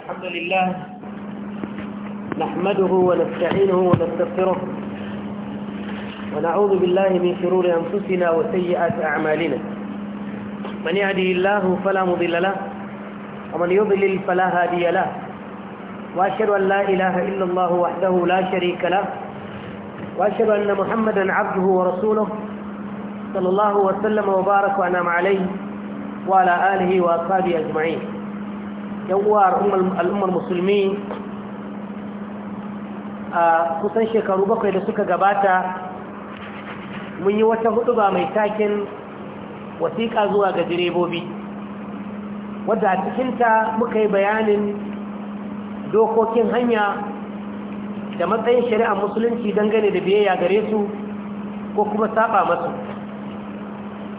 الحمد لله نحمده ونستعينه ونستغفره ونعوذ بالله من شرور أنفسنا وسيئات أعمالنا من يهده الله فلا مضل له ومن يضلل فلا هادي له وأشهد أن لا إله إلا الله وحده لا شريك له وأشهد أن محمدا عبده ورسوله صلى الله وسلم وبارك وأنعم عليه وعلى آله وأصحابه أجمعين yawar al'ummar musulmi a kusan shekaru bakwai da suka gabata mun yi wata huɗuba mai takin wasiƙa zuwa ga direbobi wadda a cikinta muka yi bayanin dokokin hanya da matsayin shari'ar musulunci dangane da biyayya gare su ko kuma saba masu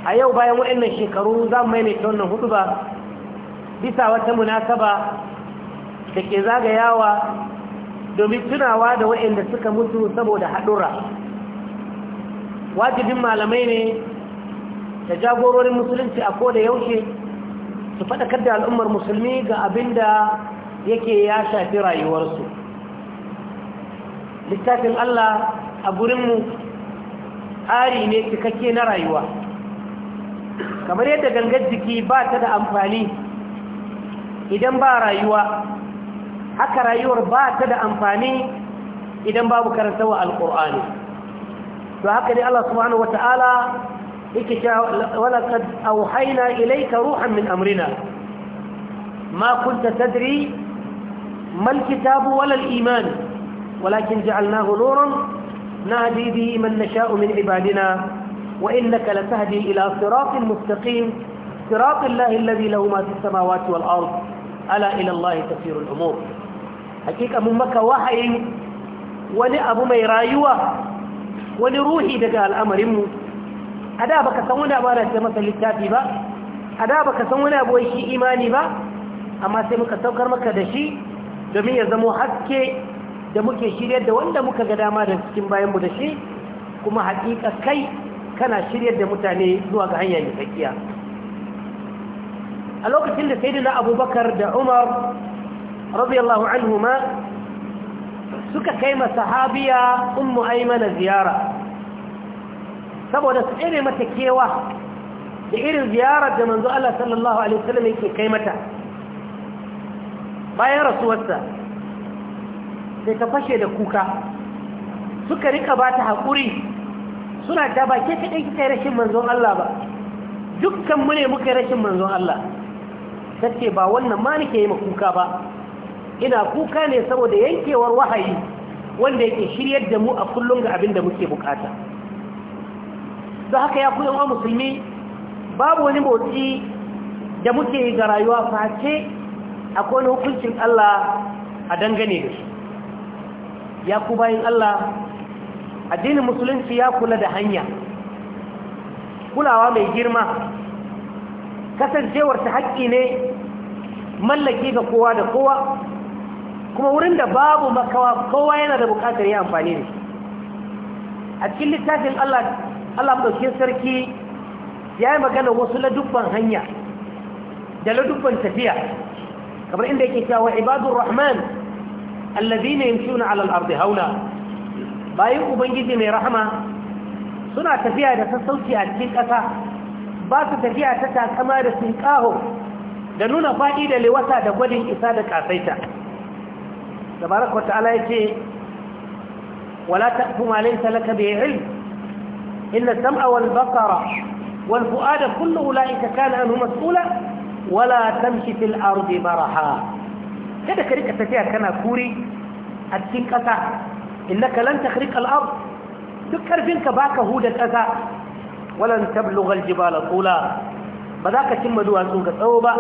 a yau bayan waɗannan shekaru za mu maimaita wannan ba bisa wata munasaba da ke zagayawa domin tunawa da waɗanda suka mutu saboda haɗura wajibin malamai ne da jagororin musulunci a ko da yaushe su faɗakar da al'ummar musulmi ga abin da yake ya shafi rayuwarsu littafin Allah a gurinmu ƙari ne cikakke na rayuwa kamar yadda gangar jiki ba ta da amfani idan ba rayuwa haka rayuwar ba ta da amfani idan babu karantawa alkur'ani to haka ne Allah subhanahu wata'ala yake cewa walaqad awhayna ilayka ruhan min amrina ma kunta tadri mal kitabu wala al-iman walakin ja'alnahu nuran nahdi bihi man nasha'u min ibadina wa innaka latahdi ila siratin mustaqim صراط الله الذي له ما في السماوات والأرض ala ila Allah tafsirul umur hakika mun maka wani abu mai rayuwa wani ruhi daga al'amarin mu a da baka san wani abu ana sai masa littafi ba a da baka san wani abu shi imani ba amma sai muka saukar maka da shi domin ya zamo haske da muke shiryar da wanda muka ga dama da cikin bayanmu da shi kuma haƙiƙa kai kana shiryar da mutane zuwa ga hanya mai tsakiya a lokacin da sayyidina abubakar da umar radiyallahu anhuma suka kai ma sahabiya ummu aymana ziyara saboda su tsere mata kewa da irin ziyarar da manzo Allah sallallahu alaihi wasallam yake kai mata bayan rasuwarsa sai ta fashe da kuka suka rika ba ta haƙuri suna da ba ke kaɗai kika rashin manzon Allah ba dukkan mu ne muka rashin manzon Allah tace ba wannan ma nake yi kuka ba ina kuka ne saboda yankewar wahayi wanda yake shiryar da mu a kullum ga abin da muke bukata don haka ya kuyan wa musulmi babu wani motsi da muke yi ga rayuwa face a kone hukuncin Allah a dangane da shi ya ku bayan Allah addinin musulunci ya kula da hanya kulawa mai girma kasancewar ta haƙƙi ne mallaki ga kowa da kowa kuma wurin da babu makawa kowa yana da buƙatar yi amfani da shi a cikin littafin Allah Allah sarki ya yi magana wasu ladubban hanya da ladubban tafiya kamar inda yake cewa ibadur rahman alladhina ne ala al-ardi bayan ubangiji mai rahama suna tafiya da sassauci a cikin ƙasa ba su tafiya ta takama da sun ƙaho da nuna faɗi da lewata da gwadin isa da ƙasaita tabarak wata ala ya ce wala ta fi malin talaka bai il inna sam'a wal bakara wal fu'ada kullu ula'ika kana anhu mas'ula wala tamshi fil ardi maraha kada ka rika tafiya kana kuri a cikin ƙasa innaka lan takhriqa al-ard duk karfinka baka huda ƙasa walan tablughal jibala tula ba za ka cimma duwatsu ga tsawo ba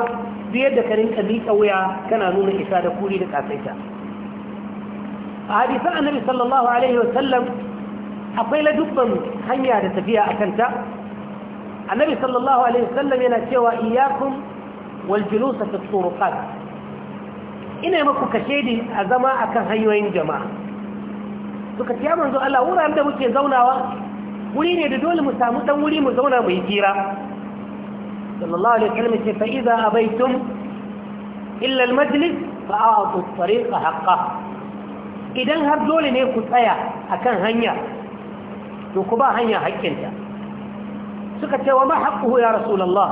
biyar da ka rinka miƙa wuya kana nuna isa da kuri da ƙasaita a hadisan annabi sallallahu alaihi wa sallam akwai ladubban hanya da tafiya a kanta annabi sallallahu alaihi wa sallam yana cewa iyyakum wal julusa fi turuqat ina maku kashedi a zama akan hanyoyin jama'a suka ce ya manzo Allah wuraren da muke zaunawa wuri ne da dole mu samu dan wuri mu zauna mu yi kira sallallahu alaihi wasallam ce fa idza abaitum illa almajlis fa a'tu at-tariqa haqqah idan har dole ne ku tsaya akan hanya to ku ba hanya hakkinta suka ce wa ma haqquhu ya rasulullah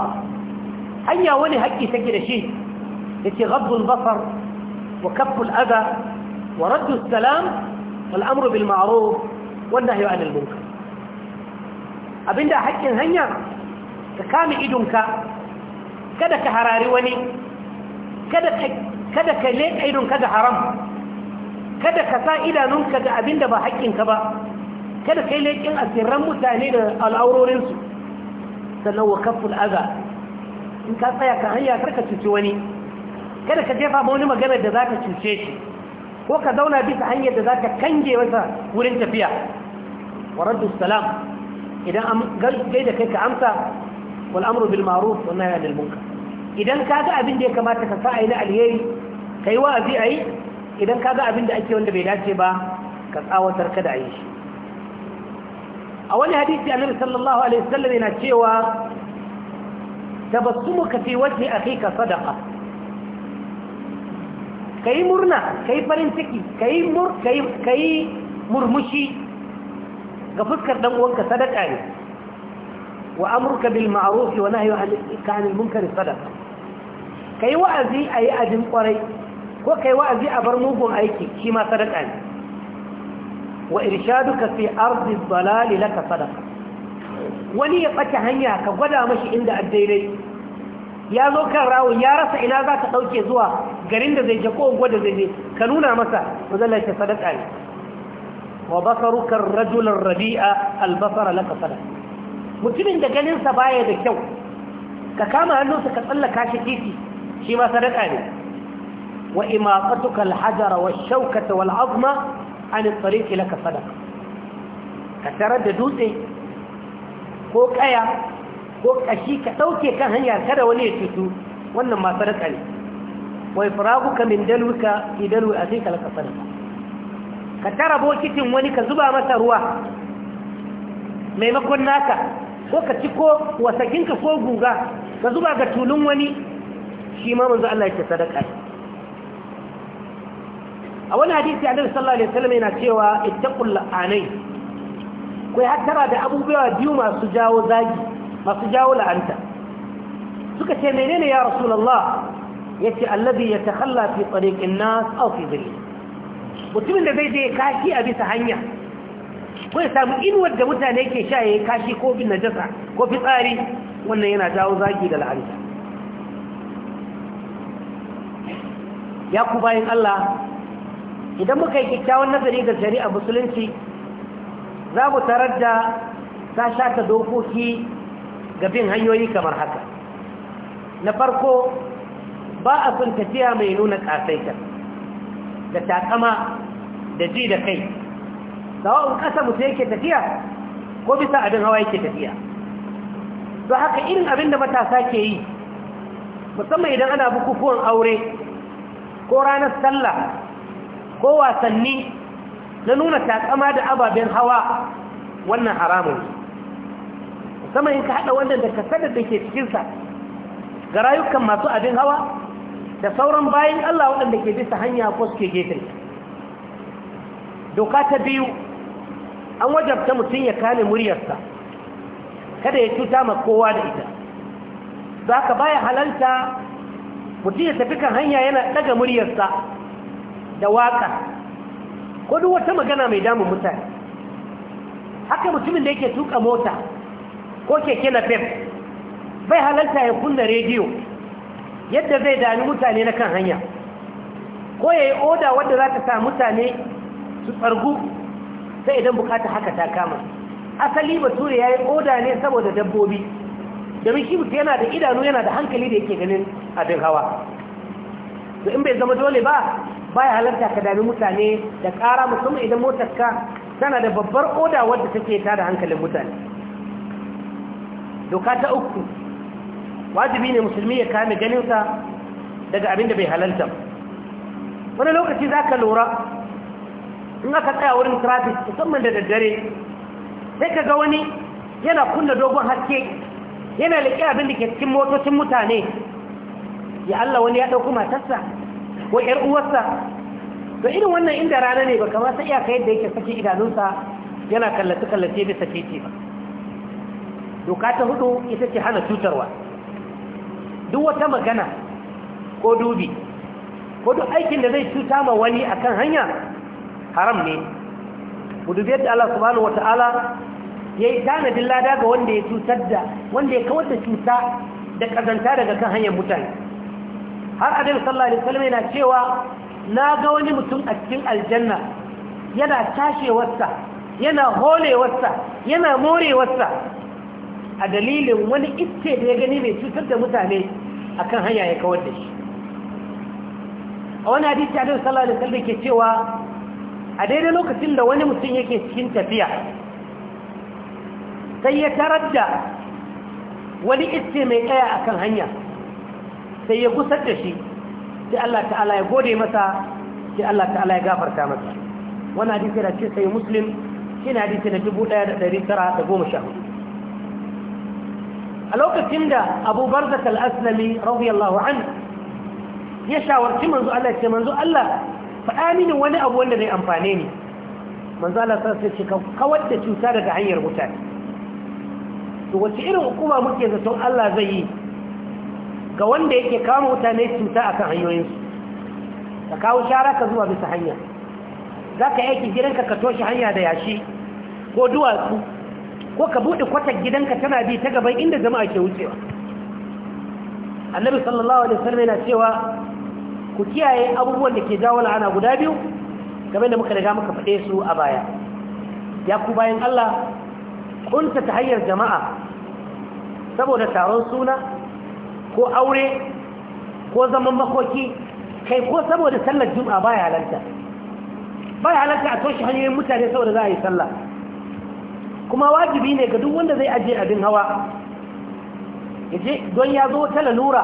hanya wani hakki take da shi yace ghaddul basar wa kafful adha wa raddu salam والأمر بالمعروف والنهي عن المنكر abinda haƙƙin hanya ka kame idonka kada ka harari wani kada ka leƙa idonka ga haram kada ka sa idanunka ga abinda ba haƙƙinka ba kada ka yi leƙin asirran mutane da al'aurorinsu sannan wa kafin aza in ka tsaya kan hanya karka cuci wani kada ka jefa ma wani magana da za ka cuce shi ko ka zauna bisa hanyar da za ka kange wata wurin tafiya wa radu salam idan an gaida kai ka amsa wal amru bil ma'ruf wa nahy anil munkar idan abin da ya kamata ka sa ayi na alheri ka kai wa'azi ayi idan ka ga abin da ake wanda bai dace ba ka tsawatar ka kada ayi shi a wani hadisi annabi sallallahu alaihi wasallam yana cewa muka fi a kai ka sadaka, ka yi murna ka yi farin ciki ka yi murmushi ga fuskar dan uwanka sadaka ne wa amruka bil ma'ruf wa nahyu anil munkar sadaqa kai wa'azi ayi abin kwarai ko kai wa'azi a bar mugun aiki shi ma sadaka ne wa irshaduka fi ardi dhalal laka sadaka. wani ya ɓace hanya ka gwada mashi inda a daidai ya zo kan rawun ya rasa ina za ka ɗauke zuwa garin da zai je ko gwada zai je ka nuna masa wazalar ta sadaka ne wa basaruka ar-rajul rabia laka mutumin da ganinsa baya da kyau ka kama hannunsa ka tsallaka shi titi shi ma sadaka ne wa imaqatuka al-hajara wash an at laka sadaqa ka tarar da dutse ko kaya ko kashi ka dauke kan hanya kada wani ya tutu wannan ma sadaka ne wa ifraguka min dalwika fi asika laka ka tara bokitin wani ka zuba masa ruwa maimakon naka ko ka ci ko wasakinka ko guga ka zuba ga tulun wani shi ma manzo Allah yake sadaka a wani hadisi annabi sallallahu alaihi wasallam yana cewa ittaqul la'anai kai hattara da abubuwa biyu masu jawo zagi masu jawo la'anta suka ce menene ya rasulullah yace alladhi yatakhalla fi tariqin nas aw fi dhilli mutumin da zai je kashi a bisa hanya ko ya samu inuwar da mutane ke sha ya kashi ko bin najasa ko fitsari wannan yana jawo zagi da la'ari ya ku bayan Allah idan muka yi kyakkyawan nazari ga shari'a musulunci za mu tarar da ta ta dokoki ga bin hanyoyi kamar haka na farko ba a sun tafiya mai nuna ƙasaitar da takama da ji da kai sawa'un ƙasa mutum yake tafiya ko bisa abin hawa yake tafiya don haka irin abin da matasa ke yi musamman idan ana bukukuwan aure ko ranar sallah ko wasanni na nuna takama da ababen hawa wannan haramun musamman in ka haɗa wannan da kasar da ke cikinsa ga rayukan masu abin hawa da sauran bayan Allah waɗanda ke bisa hanya ko suke gefe. doka ta biyu an wajabta mutum ya kame muryarsa kada ya cuta ma kowa da ita za ka baya halalta mutum ya tafi kan hanya yana ɗaga muryarsa da waƙa ko duk wata magana mai damun mutane haka mutumin da yake tuka mota ko keke na fef bai halalta ya kunna rediyo yadda zai dami mutane na kan hanya ko ya yi oda wadda za ta sa mutane su tsargu sai idan bukata haka ta kama asali bature ya yi oda ne saboda dabbobi domin shi mutu yana da idanu yana da hankali da yake ganin abin hawa to in bai zama dole ba baya halarta ka dami mutane da kara musamman idan motarka tana da babbar oda wadda take ta da hankalin mutane doka ta uku wajibi ne musulmi ya kame ganinsa daga abin da bai halalta wani lokaci za ka lura in aka tsaya wurin trafik musamman da daddare sai ka ga wani yana kunna dogon haske yana leƙe abin da ke cikin motocin mutane ya Allah wani ya ɗauki matarsa ko ‘yar uwarsa to irin wannan inda rana ne ba kama sa iyaka yadda yake saki idanunsa yana kallace-kallace bisa ce ba doka ta hudu ita ce hana cutarwa duk wata magana ko dubi ko duk aikin da zai cuta ma wani akan hanya haram ne ku dubi yadda Allah subhanahu wata'ala ya yi tanadin lada ga wanda ya cutar da wanda ya kawar da cuta da kazanta daga kan hanyar mutane har adam sallallahu alaihi wasallam yana cewa na ga wani mutum a cikin aljanna yana tashewarsa yana holewarsa yana morewarsa a dalilin wani icce da ya gani mai cutar da mutane akan hanya ya kawar da shi a wani hadisi a sallallahu alaihi da ke cewa a daidai lokacin da wani mutum yake cikin tafiya sai ya tarar da wani iske mai tsaya a kan hanya sai ya gusar da shi sai Allah ta'ala ya gode masa sai Allah ta'ala ya gafarta masa wani hadisi da ce sai muslim shi na hadisi na 1914 a lokacin da abu barzat al-aslami radiyallahu an ya shawarci manzo Allah ce manzo Allah faɗa mini wani abu wanda zai amfane ni manzo Allah sai ce kawar da cuta daga hanyar mutane to wace irin hukuma muke zaton Allah zai yi ga wanda yake kama mutane cuta akan hanyoyinsu ka kawo shara ka zuwa bisa hanya za ka yaki gidanka ka toshe hanya da yashi ko duwatsu ko ka buɗe kwatar gidanka tana bi ta gaban inda jama'a ke wucewa annabi sallallahu alaihi wasallam yana cewa ku kiyaye abubuwan da ke jawo la'ana guda biyu game da muka riga muka faɗe su a baya ya ku bayan Allah kunta ta hanyar jama'a saboda taron suna ko aure ko zaman makoki kai ko saboda sallar juma'a baya halarta baya halarta a toshe hanyoyin mutane saboda za a yi sallah kuma wajibi ne ga duk wanda zai ajiye abin hawa yaje don ya zo ta lalura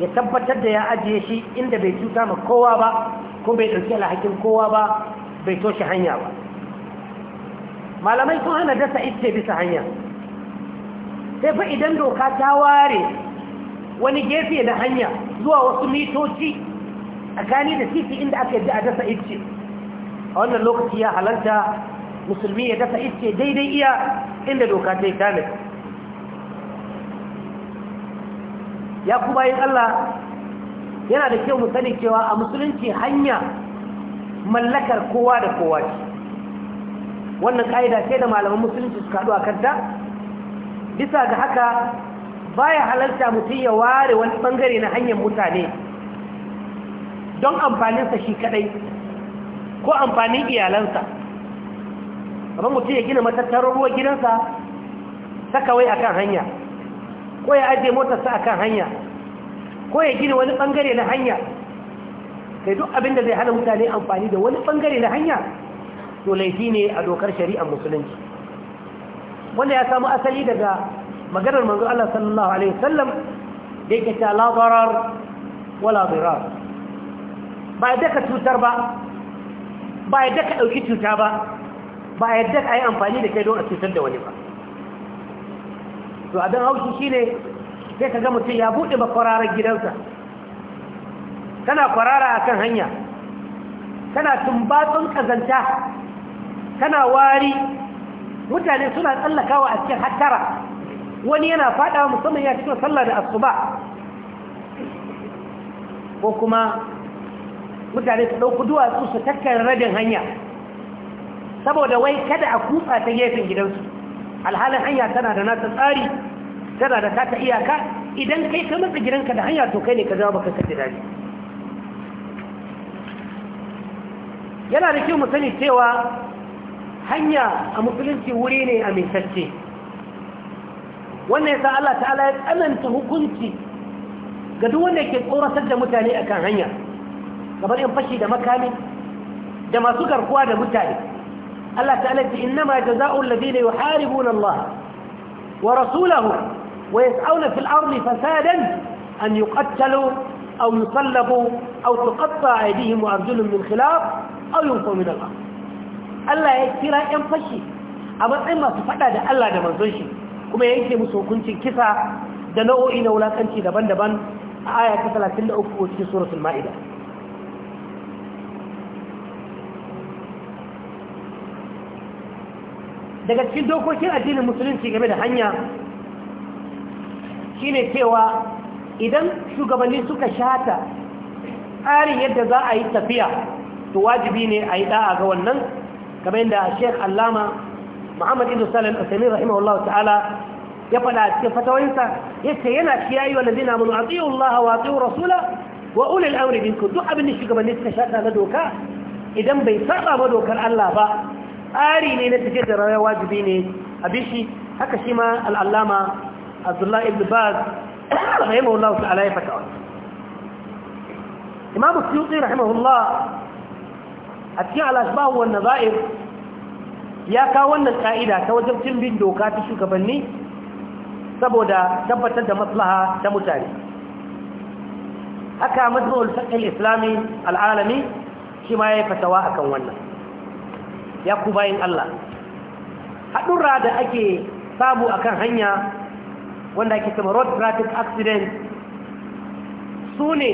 ya tabbatar da ya ajiye shi inda bai cuta ma kowa ba ko bai ɗauki alhakin kowa ba bai toshe hanya ba malamai sun hana dasa ice bisa hanya sai fa idan doka ta ware wani gefe da hanya zuwa wasu mitoci a gani da titi inda aka yi a dasa ice a wannan lokaci ya halarta musulmi ya dafa iske daidai iya inda doka ta yi kamil ya kuma yin Allah yana da kyau musani sani cewa a musulunci hanya mallakar kowa da kowa ce wannan ƙa'ida sai da malaman musulunci suka haɗu a kanta bisa ga haka baya halarta mutum ya ware wani ɓangare na hanyar mutane don amfaninsa shi kaɗai ko amfanin iyalansa amma mutum ya gina matattarar ruwa gidansa ta kawai a kan hanya ko ya ajiye motarsa a kan hanya ko ya gina wani ɓangare na hanya sai duk abin da zai hana mutane amfani da wani ɓangare na hanya to laifi ne a dokar shari'ar musulunci wanda ya samu asali daga maganar manzo Allah sallallahu alaihi wasallam da yake ta la darar wala dirar ba yadda ka cutar ba ba yadda ka dauki cuta ba ba yadda ka yi amfani da kai don a cutar da wani ba to abin haushi shi ne sai ka ga mutum ya buɗe ba kwararar gidansa kana kwarara a kan hanya kana tumbatsun ƙazanta kana wari mutane suna tsallakawa a cikin hattara wani yana faɗawa musamman ya cikin sallar da asuba ko kuma mutane su ɗauku duwatsu su takkar radin hanya saboda wai kada a kutsa ta gefen gidansu alhalin hanya tana da nata tsari tana da taka iyaka idan kai ka matsa gidanka da hanya to kai ne ka zama baka kace dadi yana da kyau mu sani cewa hanya a musulunci wuri ne a misacce wannan yasa Allah ta'ala ya tsananta hukunci ga duk wanda ke tsoratar da mutane akan hanya kamar yan fashi da makami da masu garkuwa da mutane Allah ta'ala ce innama jazaa'ul ladina yuharibuna Allah wa rasulahu wa yas'auna fil ardi fasadan an yuqattalu aw yusallabu aw tuqatta' aydihim wa arjuluhum min khilaf aw yunqaw min al-ardh Allah ya kira 'yan fashi a matsayin masu faɗa da Allah da manzon kuma ya yanke musu hukuncin kisa da nau'o'i na wulakanci daban-daban a aya ta 33 cikin suratul ma'idah daga cikin dokokin addinin musulunci game da hanya shine cewa idan shugabanni suka shata tsarin yadda za a yi tafiya to wajibi ne a yi da'a ga wannan game da sheikh allama muhammad ibn salim al-sami rahimahullahu ta'ala ya faɗa a cikin ya yace yana shi yayi wannan zina mun atiyu allah wa atiyu rasula wa ulil amri binku duk abin da shugabanni suka shata na doka idan bai saba ba dokar allah ba tsari ne na tafiye da rawar wajibi ne a bishi haka shi ma al'allama abdullahi ibn baz rahimahullahu ta'ala ya fata wani imamu suyuti rahimahullah a cikin al'ashbahu wannan za'ir ya kawo wannan ka'ida ta wajen cin bin doka ta shugabanni saboda tabbatar da maslaha ta mutane haka majmu'ul fiqh al-islami al-alami shi ma ya yi fatawa akan wannan ya ku bayin Allah haɗurra da ake samu akan hanya wanda ake sama road traffic accident su ne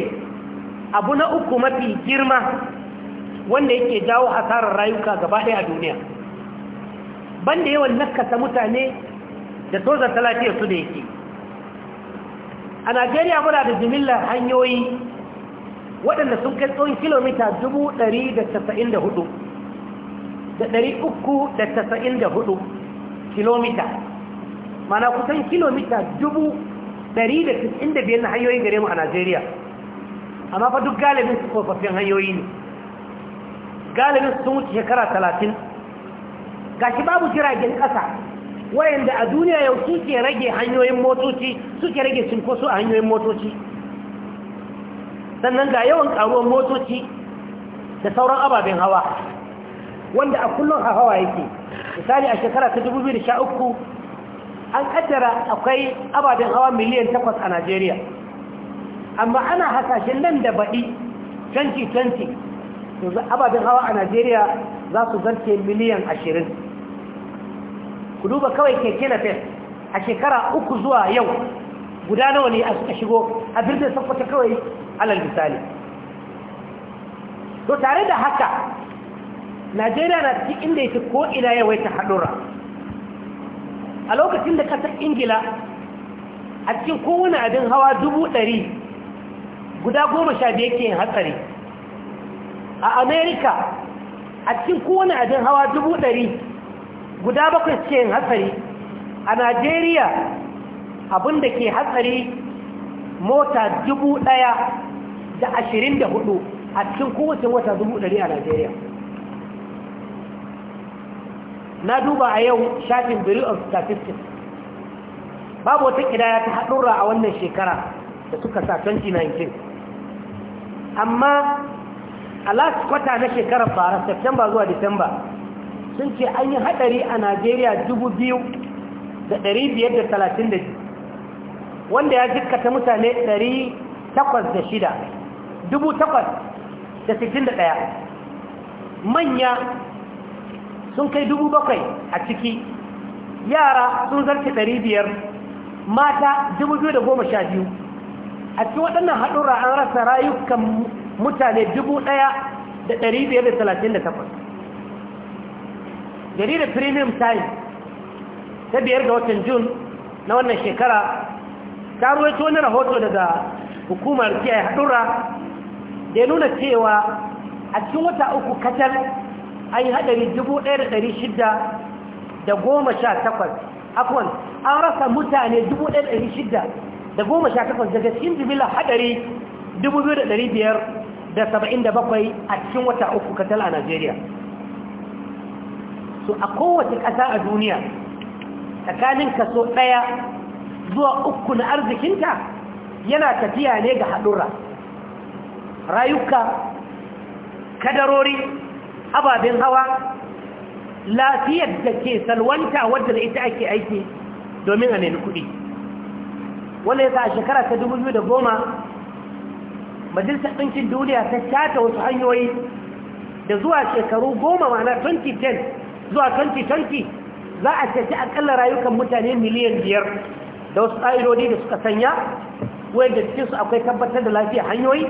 abu na uku mafi girma wanda yake jawo hasarar rayuka gaba ɗaya a duniya banda yawan nakasa mutane da tozar talatiyar su da yake a najeriya muna da jimillar hanyoyi waɗanda sun kai tsohon kilomita 194 da ɗari uku kilomita mana kusan kilomita dubu na hanyoyin gare mu a najeriya amma fa duk galibin su tsofaffin hanyoyi ne galibin sun wuce shekara talatin gashi babu jiragen ƙasa wayanda a duniya yau suke rage hanyoyin motoci suke rage cinkoso a hanyoyin motoci sannan ga yawan karuwar motoci da sauran ababen hawa wanda a kullum a hawa yake misali a shekara ta 2013 an kaddara akwai ababen hawa miliyan 8 a najeriya amma ana hasashen nan da baɗi 2020 yanzu ababen hawa a najeriya za su zarce miliyan 20 ku duba kawai keke na fes a shekara uku zuwa yau guda nawa ne a shigo a birnin sakwata kawai alal misali to tare da haka najeriya na cikin inda yake ko ina yawaita haɗura a lokacin da kasar ingila a cikin kowane abin hawa dubu ɗari guda goma sha biyar ke yin hatsari a amerika a cikin kowane abin hawa dubu ɗari guda bakwai ke yin hatsari a najeriya abin da ke hatsari mota dubu ɗaya da ashirin da hudu a cikin kowace wata dubu ɗari a najeriya na duba a yau shafin bureau of statistics babu wata kidaya ta haɗura a wannan shekara da suka sa 2019 amma a last quarter na shekarar fara september zuwa december sun ce an yi haɗari a najeriya 2,530 wanda ya jikkata mutane 806 861 manya sun kai dubu bakwai a ciki yara sun zarce ɗari biyar mata dubu biyu da goma sha biyu a cikin waɗannan haɗura an rasa rayukan mutane dubu ɗaya da ɗari biyar da talatin da takwas jaridar premium time ta biyar ga watan jun na wannan shekara ta ruwaito wani rahoto daga hukumar kiyaye haɗura da ya nuna cewa a cikin wata uku katal an yi haɗari 1,618 akwai an rasa mutane 1,618 daga cikin jimila haɗari 2,577 a cikin wata uku katal a najeriya so a kowace ƙasa a duniya tsakanin kaso ɗaya zuwa uku na arzikinta yana tafiya ne ga haɗura rayuka kadarori ababen hawa lafiyar da ke salwanta wadda da ita ake aiki domin a nemi kuɗi wanda ya sa a shekara ta 2010 majalisar ɗinkin duniya ta shata wasu hanyoyi da zuwa shekaru goma mana 2010 zuwa 2020 za a ceci akalla rayukan mutane miliyan biyar da wasu ƙa'idodi da suka sanya wadda cikinsu akwai tabbatar da lafiya hanyoyi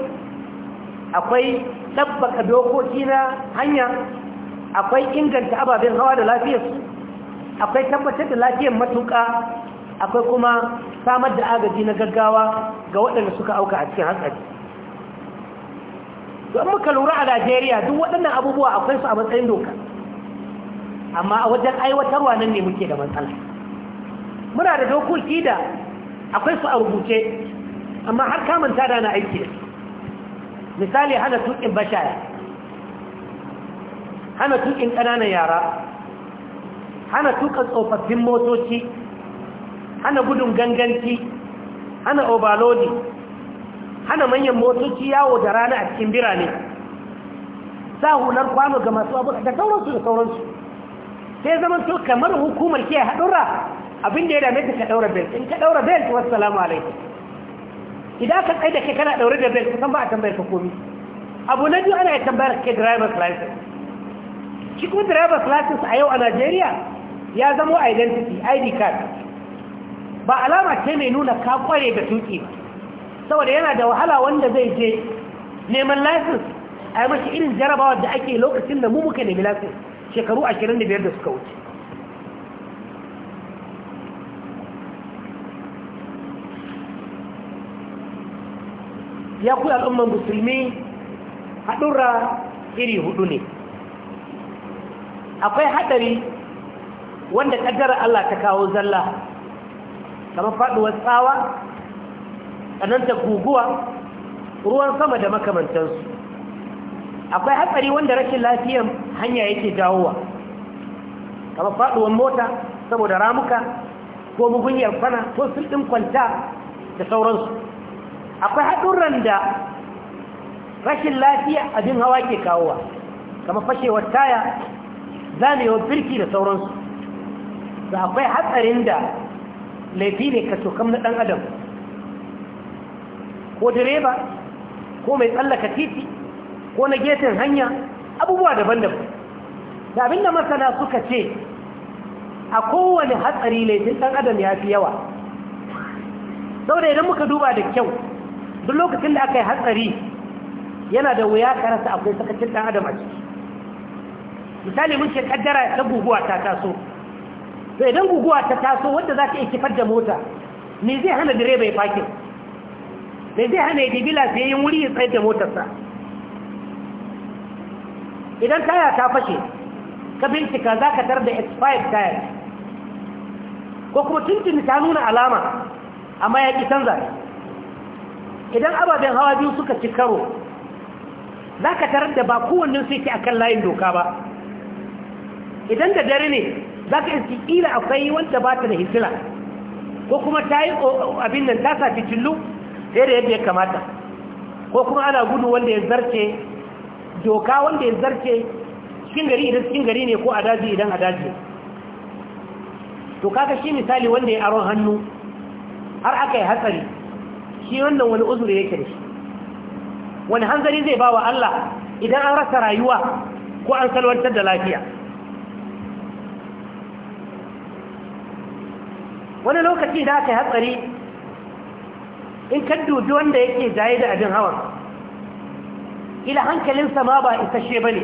akwai tabbaka dokoki na hanya akwai inganta ababen hawa da lafiyarsu akwai tabbatar da lafiyar matuka akwai kuma samar da agaji na gaggawa ga waɗanda suka auka a cikin hankali don muka lura a najeriya duk waɗannan abubuwa akwai su a matsayin doka amma a wajen aiwatarwa nan ne muke da matsala muna da dokoki da akwai su a rubuce amma har kamanta da na aiki da misali hana tukin bashaya hana tukin ƙananan yara hana tuƙa tsofaffin motoci hana gudun ganganci hana obalodi hana manyan motoci yawo da rana a cikin birane sa hular kwano ga masu abu da sauransu da sauransu sai zaman to kamar hukumar ke haɗura abinda ya dame ka ɗaura bel in ka ɗaura bel wasu salamu alaikum idan ka tsaye da ke kana ɗaure da bel kusan ba a tambayar ka komi abu na biyu ana ya tambayar ke driver's license shi kuma driver's license a yau a Najeriya ya zama identity ID card ba alama ce mai nuna ka kware da tuki ba saboda yana da wahala wanda zai je neman license a yi mashi irin jarabawa da ake lokacin da mu muka nemi license shekaru 25 da suka wuce ya ku al'umman musulmi haɗura iri hudu ne akwai haɗari wanda ƙaddara Allah ta kawo zalla kamar faɗuwar tsawa tsananta guguwa ruwan sama da makamantansu akwai haɗari wanda rashin lafiyan hanya yake jawowa kamar faɗuwar mota saboda ramuka ko mugunyar kwana ko sulɗin kwanta da sauransu akwai haɗurran da rashin lafiya abin hawa ke kawowa kama fashewar taya zamewar birki da sauransu da akwai hatsarin da laifi ne ka tokam na ɗan adam ko direba ko mai tsallaka titi ko na getin hanya abubuwa daban-daban da abinda masana suka ce a kowane hatsari laifin ɗan adam ya fi yawa saboda idan muka duba da kyau duk lokacin da aka yi hatsari yana da wuya ka rasa akwai sakacin ɗan adam a ciki misali mun ce kaddara ta guguwa ta taso to idan guguwa ta taso wadda za ta iya kifar da mota me zai hana direba ya fakin me zai hana ya sai yin wuri ya tsayar da motarsa idan taya ta fashe ka bincika za ka tar da X x5 tire ko kuma Tuntun ta nuna alama amma ya ƙi canza ne idan ababen hawa biyu suka ci karo za ka tarar da ba kowannin su yake akan layin doka ba idan da dare ne za ka iske ƙila akwai wanda ba ta da hitila ko kuma ta yi abin nan ta safi cillu sai da yadda ya kamata ko kuma ana gudu wanda ya zarce doka wanda ya zarce cikin gari idan cikin gari ne ko a daji idan a daji to kaga shi misali wanda ya aron hannu har aka yi hatsari shi wannan wani uzuri yake da shi wani hanzari zai ba wa Allah idan an rasa rayuwa ko an salwantar da lafiya wani lokaci da aka yi hatsari in ka dubi wanda yake jaye da abin hawan ila hankalinsa ma ba isasshe ba ne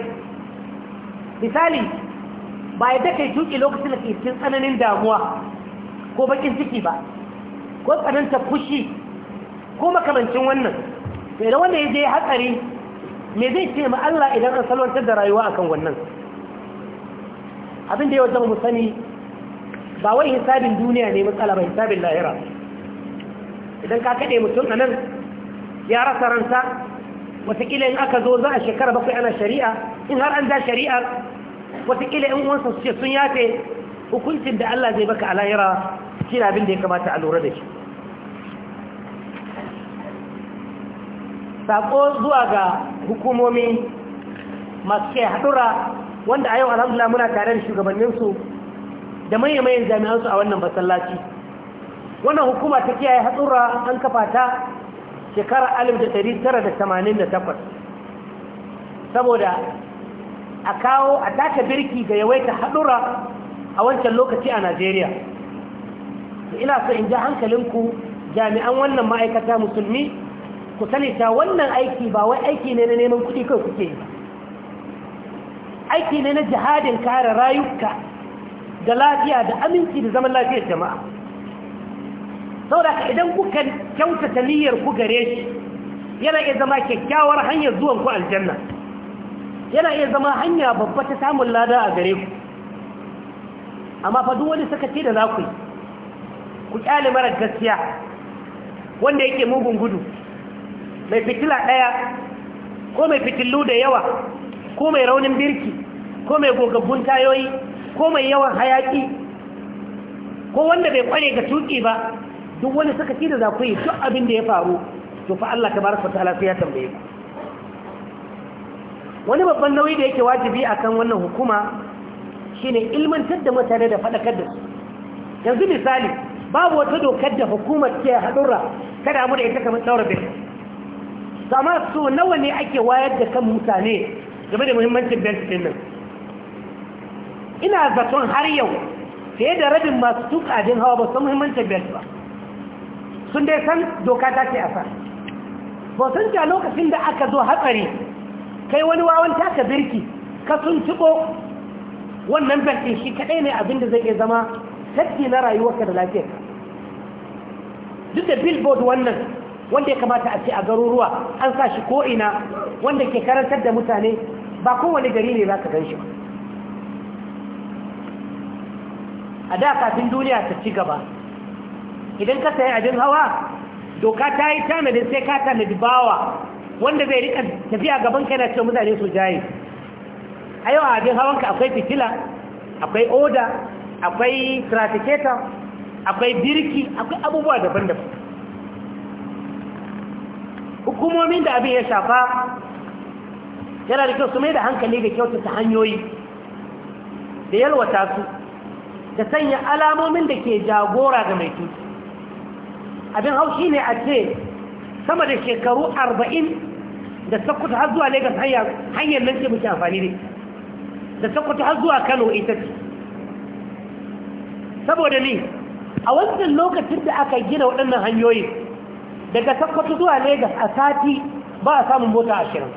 misali ba yadda kai tuki lokacin da ke cikin tsananin damuwa ko bakin ciki ba ko tsananta kushi ko makamancin wannan to idan wanda ya je hatsari me zai ce ma Allah idan an salwantar da rayuwa akan wannan abin da yau zama mu sani ba wai hisabin duniya ne matsala ba hisabin lahira idan ka kaɗe mutum a nan ya rasa ranta watakila in aka zo za a shekara bakwai ana shari'a in har an da shari'ar watakila in uwansa su ce sun yafe hukuncin da Allah zai baka a lahira shi abin da ya kamata a lura da shi sako zuwa ga hukumomi masu ke haɗura wanda a yau alhamdulillah muna tare da shugabanninsu da mayan jami'ansu a wannan masallaci wannan hukuma ta kiyaye haɗura an kafa ta shekarar 1988 saboda a kawo a taka birki ga yawaita haɗura a wancan lokaci a najeriya ina so in ji hankalinku jami'an wannan ma'aikata musulmi ku sani ta wannan aiki ba wai aiki ne na neman kuɗi kai kuke yi aiki ne na jihadin kare rayuka da lafiya da aminci da zaman lafiyar jama'a saboda idan kuka kyautata niyyar ku gare shi yana iya zama kyakkyawar hanyar zuwan ku aljanna yana iya zama hanya babba ta samun lada a gare ku amma fa duk wani sakaci da za ku yi ku kyale mara gaskiya wanda yake mugun gudu mai fitila ɗaya ko mai fitillu da yawa ko mai raunin birki ko mai gogaggun tayoyi ko mai yawan hayaƙi, ko wanda bai kware ga tuki ba duk wani suka ci da za ku yi duk abin da ya faru to fa Allah tabaraka ta'ala sai ya tambaye ku wani babban nauyi da yake wajibi akan wannan hukuma shine ilmantar da mutane da faɗakar da su yanzu misali babu wata dokar da hukumar ke hadura kada mu da ita kamar daura amma so nawa ne ake wayar da kan mutane game da muhimmancin bench din nan ina zaton har yau fiye da rabin masu tuka tukajin hawa ba san muhimmancin bench ba sun dai san doka ta ce a sa ba sun ja lokacin da aka zo hatsari kai wani wawan taka birki ka sun tuko wannan bench shi kadai ne abin da zai iya zama saki na rayuwarka da lafiyarka duk da billboard wannan wanda ya kamata a ce a garuruwa an sa shi ko'ina wanda ke karantar da mutane ba kowane gari ne za ka gan shi a da kafin duniya ta ci gaba idan ka sayi abin hawa doka ta yi tanadin sai ka tanadi bawa wanda zai rika tafiya gaban ka na ce mutane su jaye a yau abin ka akwai fitila akwai oda akwai trafiketa akwai birki akwai abubuwa daban-daban hukumomin da abin ya shafa yana da kyau su mai da hankali ga kyautata hanyoyi da yalwata su da sanya alamomin da ke jagora ga mai tuki abin haushi ne a ce sama da shekaru arba'in da sakuta har zuwa lagos hanyar nan ce muke amfani ne da sakuta har zuwa kano ita ce saboda ni a wancan lokacin da aka gina waɗannan hanyoyin daga sakkwato zuwa Legas a sati ba a samun mota ashirin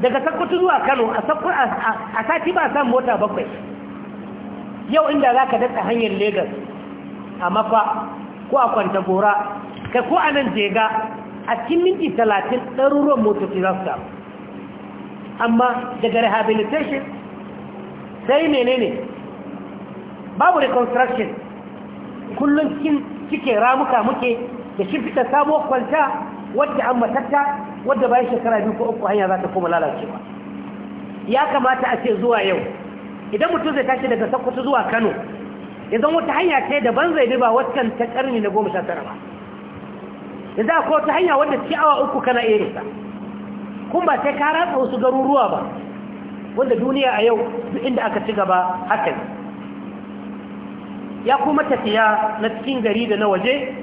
daga sakkwato zuwa Kano a sati ba a samun mota bakwai yau inda za ka datsa hanyar Legas a mafa ko a kwanta gora ka ko a nan jega a cikin minti talatin ɗaruruwan motoci za su samu amma daga rehabilitation sai menene babu reconstruction kullum cikin ramuka muke da fitar sabuwar kwanta wadda an matatta wadda bayan shekara biyu ko uku hanya za ta koma lalacewa ya kamata a ce zuwa yau idan mutum zai tashi daga sokoto zuwa kano idan wata hanya ce daban zai ba watan ta karni na goma sha tara ba idan akwai wata hanya wadda ci awa uku kana iya kun ba sai ka ratsa wasu garuruwa ba wanda duniya a yau duk inda aka ci gaba haka ya kuma tafiya na cikin gari da na waje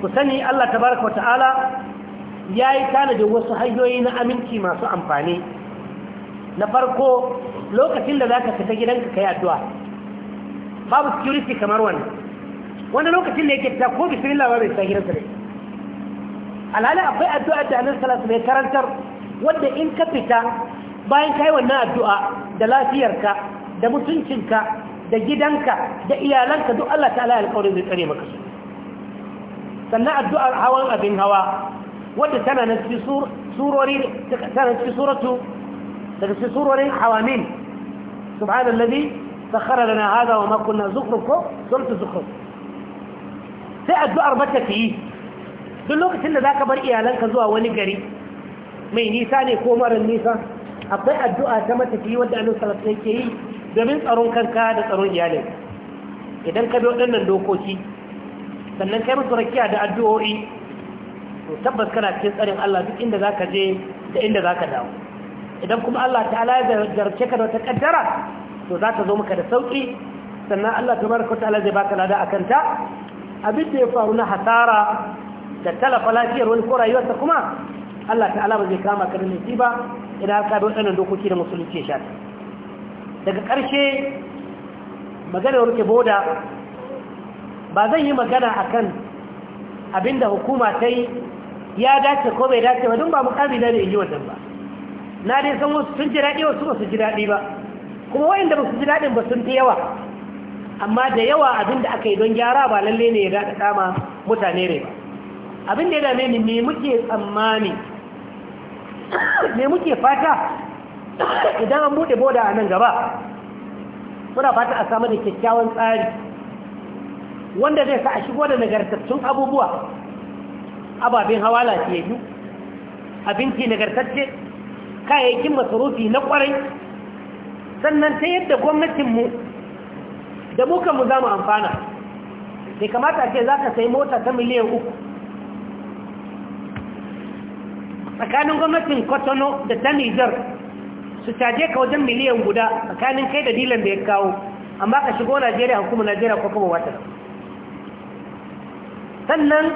ku sani Allah tabaraka wa ta'ala ya yi tanadin wasu hanyoyi na aminci masu amfani na farko lokacin da za ka fita gidanka ka yi addu'a babu security kamar wani wanda lokacin da yake ta ko bismillah ba bai sa gidansa ne alhali akwai addu'a da annabi sallallahu mai karantar wanda in ka fita bayan yi wannan addu'a da lafiyarka da mutuncinka da gidanka da iyalanka duk Allah ta'ala ya alƙawarin zai tsare maka su sannan addu'ar hawan abin hawa wadda tana na cikin surori tana cikin suratu daga cikin surorin hawamin subhanallazi sakhara lana hada wa ma kunna zukhruf ko suratu zukhruf sai addu'ar matafiyi duk lokacin da za ka bar iyalanka zuwa wani gari mai nisa ne ko marar nisa akwai addu'a ta matafiyi wadda annabi sallallahu alaihi wasallam ke yi domin tsaron kanka da tsaron iyalai idan ka bi waɗannan dokoki sannan kai musu rakiya da addu'o'i to tabbas kana cikin tsarin Allah duk inda zaka je da inda zaka dawo idan kuma Allah ta'ala ya jarce ka da wata kaddara to za ka zo maka da sauki sannan Allah ta tabaraka ala zai baka lada akan ta abin da ya faru na hasara da talafa lafiyar wani ko rayuwarsa kuma Allah ta'ala ba zai kama ka da ba idan ka bi waɗannan dokoki da musulunci ya daga ƙarshe maganar ruke boda ba zan yi magana akan abinda hukuma ta yi ya dace ko bai dace ba don ba mukami na ne yi wannan ba na dai san wasu sun ji daɗi wasu ba su ji daɗi ba kuma wayanda ba su ji daɗin ba sun fi yawa amma da yawa abin da aka yi don gyara ba lalle ne ya daɗa dama mutane ne ba abin da ya dame ni me muke tsammani me muke fata idan an buɗe boda a nan gaba muna fata a samu da kyakkyawan tsari wanda zai sa a shigo da nagartattun abubuwa ababen hawa lafiyayyu abinci nagartacce kayayyakin masarufi na kwarai sannan ta yadda gwamnatinmu da mukanmu za mu amfana da kamata ce za ka sai mota ta miliyan uku tsakanin gwamnatin kwatano da ta nijar su caje ka wajen miliyan guda tsakanin kai da dilan da ya kawo amma ka shigo najeriya hukumar najeriya ko kuma wata sannan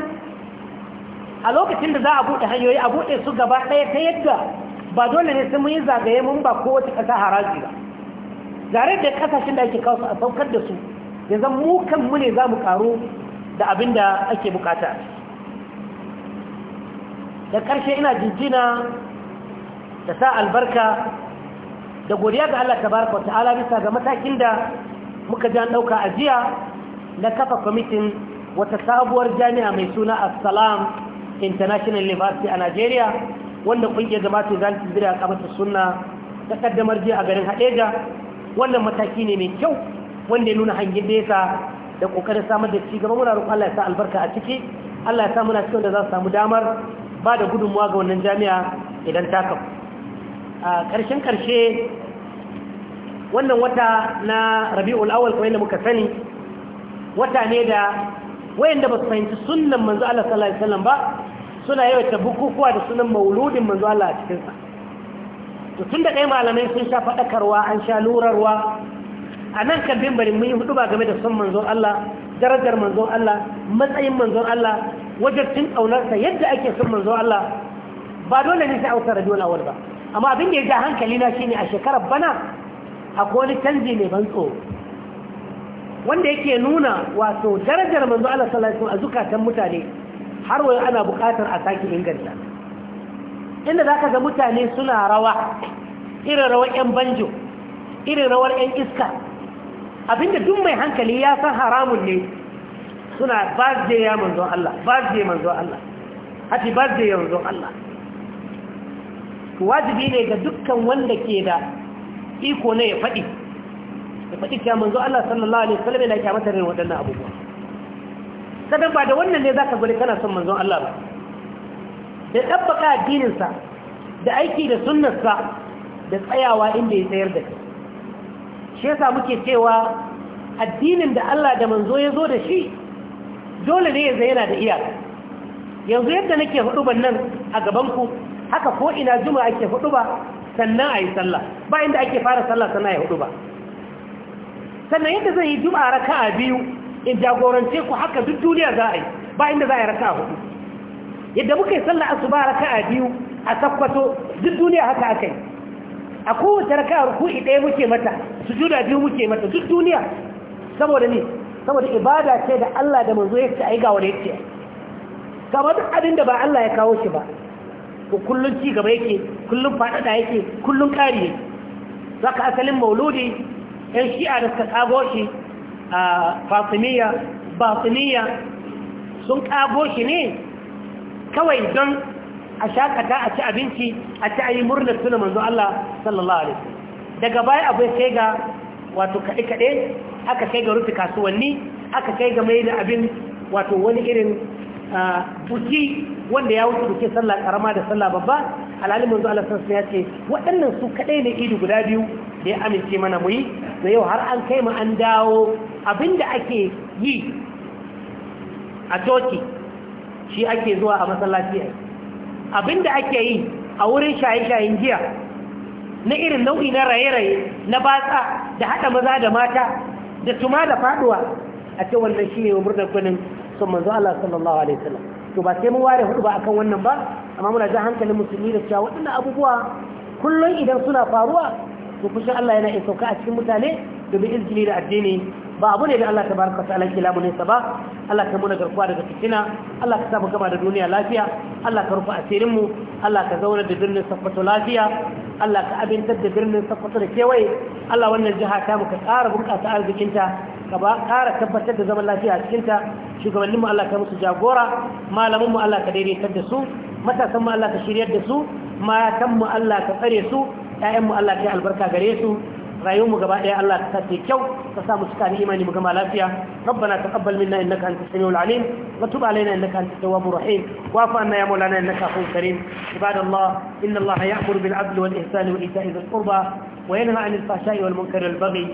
a lokacin da za a buɗe hanyoyi a buɗe su gaba ɗaya ta yadda ba dole ne sun yi zagaye mun ba ko wata ƙasa haraji ba gare da ƙasashen da ake kawo su a saukar da su ya zan mu kanmu ne za mu ƙaru da abin da ake bukata da ƙarshe ina jinjina da sa albarka da godiya ga Allah tabaraka wa ta'ala bisa ga matakin da muka ji an ɗauka a jiya na kafa kwamitin wata sabuwar jami'a mai suna assalam international university a Najeriya, wanda kungiyar jama'atu za ta zira a kamata sunna, ta kaddamar jiya a garin hadeja wannan mataki ne mai kyau wanda ya nuna hangin nesa da kokarin samar da ci gaba muna roƙon Allah ya sa albarka a ciki Allah ya sa muna cikin da za su samu damar ba da gudunmuwa ga wannan jami'a idan ta kafu a ƙarshen ƙarshe wannan wata na rabi'ul awal kamar yadda muka sani wata ne da wayanda ba su fahimci sunan manzo Allah sallallahu alaihi wasallam ba suna yawaita bukukuwa da sunan mauludin manzo Allah a cikin sa to tunda kai malamai sun sha fadakarwa an sha lurarwa anan kan bimbarin mun yi hudu ba game da sunan manzo Allah darajar manzo Allah matsayin manzo Allah wajartin sa yadda ake sunan manzo Allah ba dole ne sai autar radio awal ba amma abin da ya ja hankali na shine a shekarar bana akwai wani canji mai ban tsoro wanda yake nuna wato darajar manzo Allah sallallahu alaihi wasallam a zukatan mutane har wani ana buƙatar a saki inganta inda zaka ga mutane suna rawa irin rawar ƴan banjo irin rawar ƴan iska abinda duk mai hankali ya san haramun ne suna birthday ya manzo Allah birthday manzo Allah happy birthday ya manzo Allah wajibi ne ga dukkan wanda ke da iko ne ya faɗi da faɗi cewa manzo Allah sallallahu alaihi wasallam yana kyamata ne waɗannan abubuwa kada ba da wannan ne zaka gure kana son manzon Allah ba da dabbaka addinin sa da aiki da sunnar sa da tsayawa inda ya tsayar da shi shi yasa muke cewa addinin da Allah da manzo ya zo da shi dole ne ya zayyana da iyaka yanzu yadda nake hudu nan a gaban ku haka ko ina juma'a ake hudu ba sannan yi sallah ba inda ake fara sallah sannan ayi hudu ba sannan yadda zai yi juma'a a biyu in jagorance ku haka duk duniya za a yi ba inda za a yi a hudu yadda muka yi sallar raka a biyu a sakwato duk duniya haka aka yi a kowace a ruku ɗaya muke mata su juna biyu muke mata duk duniya saboda ne saboda ibada ce da Allah da manzo yake ai ga ya yake kamar duk abin da ba Allah ya kawo shi ba ko kullun ci gaba yake kullun fadada yake kullun kari yake zaka asalin mauludi yan shi'a da suka kago shi a fatimiyya batiniyya sun kago shi ne kawai don a shakata a ci abinci a ci ayi murnar suna manzo Allah sallallahu alaihi daga baya abin sai ga wato kaɗe-kaɗe aka kai ga rufe kasuwanni aka kai ga mai da abin wato wani irin buki wanda ya wuce buki sallah karama da sallah babba alhalin manzo Allah sallallahu alaihi wasallam ya ce waɗannan su kaɗai ne ido guda biyu da ya amince mana mu yi na yau har an kai mu an dawo abinda ake yi a toki shi ake zuwa a masallaci abinda ake yi a wurin shaye-shayen jiya na irin nau'i na raye-raye na batsa da haɗa maza da mata da tuma da faɗuwa a ce wannan shi ne wa murnar gwanin sun manzo Allah sallallahu alaihi wasallam to ba sai mun ware hudu ba akan wannan ba amma muna jan hankalin musulmi da cewa waɗannan abubuwa kullum idan suna faruwa to Allah yana iya sauka a cikin mutane domin izini da addini ba abu ne da Allah tabaraka ta'ala ke lamu nesa ba Allah ka muna garkuwa daga fitina Allah ka samu gama da duniya lafiya Allah ka rufa asirin mu Allah ka zauna da birnin Sokoto lafiya Allah ka abintar da birnin Sokoto da kewaye Allah wannan jiha ta mu ka ƙara bunƙasa arzikinta ka ba ƙara tabbatar da zaman lafiya a cikinta shugabanninmu Allah ka musu jagora malamanmu Allah ka daidaitar da su matasanmu Allah ka shiryar da su matanmu Allah ka tsare su ƴaƴanmu Allah ka yi albarka gare su rayuwarmu gaba ɗaya Allah ka sace kyau ka sa mu cika imani mu gama lafiya rabbana taqabbal minna innaka antas samiul alim wa tub alaina innaka antat tawwabur rahim wa afu anna ya maulana innaka afuwwur karim ibadallah inna allaha ya'muru bil 'adli wal ihsani wa ita'i dhil qurba وينهى عن الفحشاء والمنكر والبغي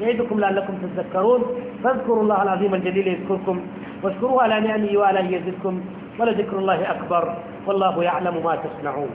يعدكم لعلكم تذكرون فاذكروا الله العظيم الجليل يذكركم واشكروه على نعمه وعلى يزدكم ولذكر الله أكبر والله يعلم ما تصنعون